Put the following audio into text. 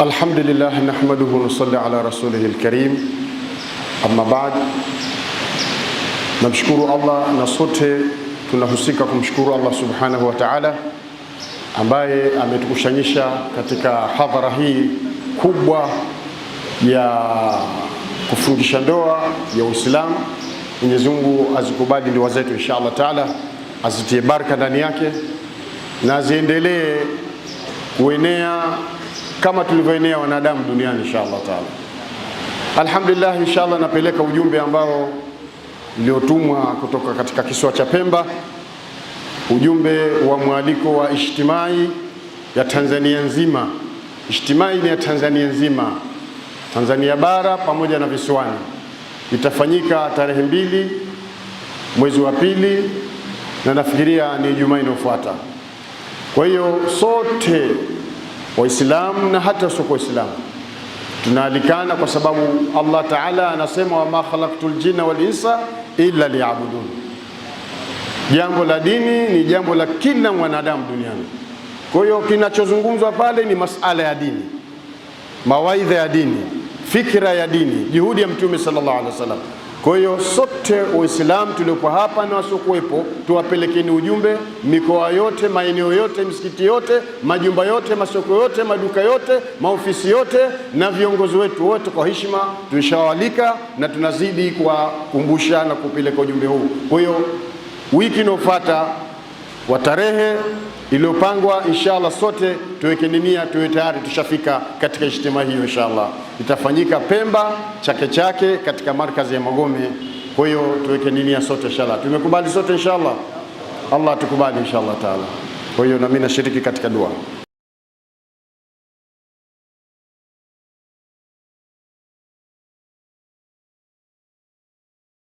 alhamdulilah nahmaduhu nusalli ala rasulihi lkarim, amma Namshukuru Allah na sote tunahusika kumshukuru Allah subhanahu wa ta'ala ambaye ametukushanyisha katika hadhara hii kubwa ya kufungisha ndoa ya Uislamu. Mwenyezi Mungu azikubali ndoa zetu insha Allah taala, azitie baraka ndani yake na ziendelee kuenea kama tulivyoenea wanadamu duniani Allah taala. Alhamdulillah, inshallah napeleka ujumbe ambao uliotumwa kutoka katika kisiwa cha Pemba, ujumbe wa mwaliko wa ishtimai ya Tanzania nzima. ishtimai ni ya Tanzania nzima, Tanzania bara pamoja na visiwani. Itafanyika tarehe mbili mwezi wa pili, na nafikiria ni Ijumaa inayofuata. Kwa hiyo sote Waislamu na hata sio Waislamu tunaalikana, kwa sababu Allah Taala anasema wama khalaqtul jinna wal insa illa liyabudun. Jambo la dini ni jambo la kila mwanadamu duniani. Kwa hiyo kinachozungumzwa pale ni masala ya dini, mawaidha ya dini, fikra ya dini, juhudi ya Mtume sallallahu alaihi wasallam kwa hiyo sote Waislamu tuliokuwa hapa na wasiokuwepo, tuwapelekeni ujumbe mikoa yote, maeneo yote, misikiti yote, majumba yote, masoko yote, maduka yote, maofisi yote, na viongozi wetu wote. Kwa heshima tulishawalika na tunazidi kuwakumbusha na kupeleka ujumbe huu. Kwa hiyo wiki inayofuata wa tarehe iliyopangwa, inshallah sote tuwekeni nia, tuwe tayari tushafika katika ijtimaa hiyo inshallah itafanyika Pemba Chake Chake katika markazi ya Magome. Kwa hiyo tuweke ya sote inshallah, tumekubali sote inshallah, Allah tukubali inshallah taala. Kwa hiyo na mimi nashiriki katika dua.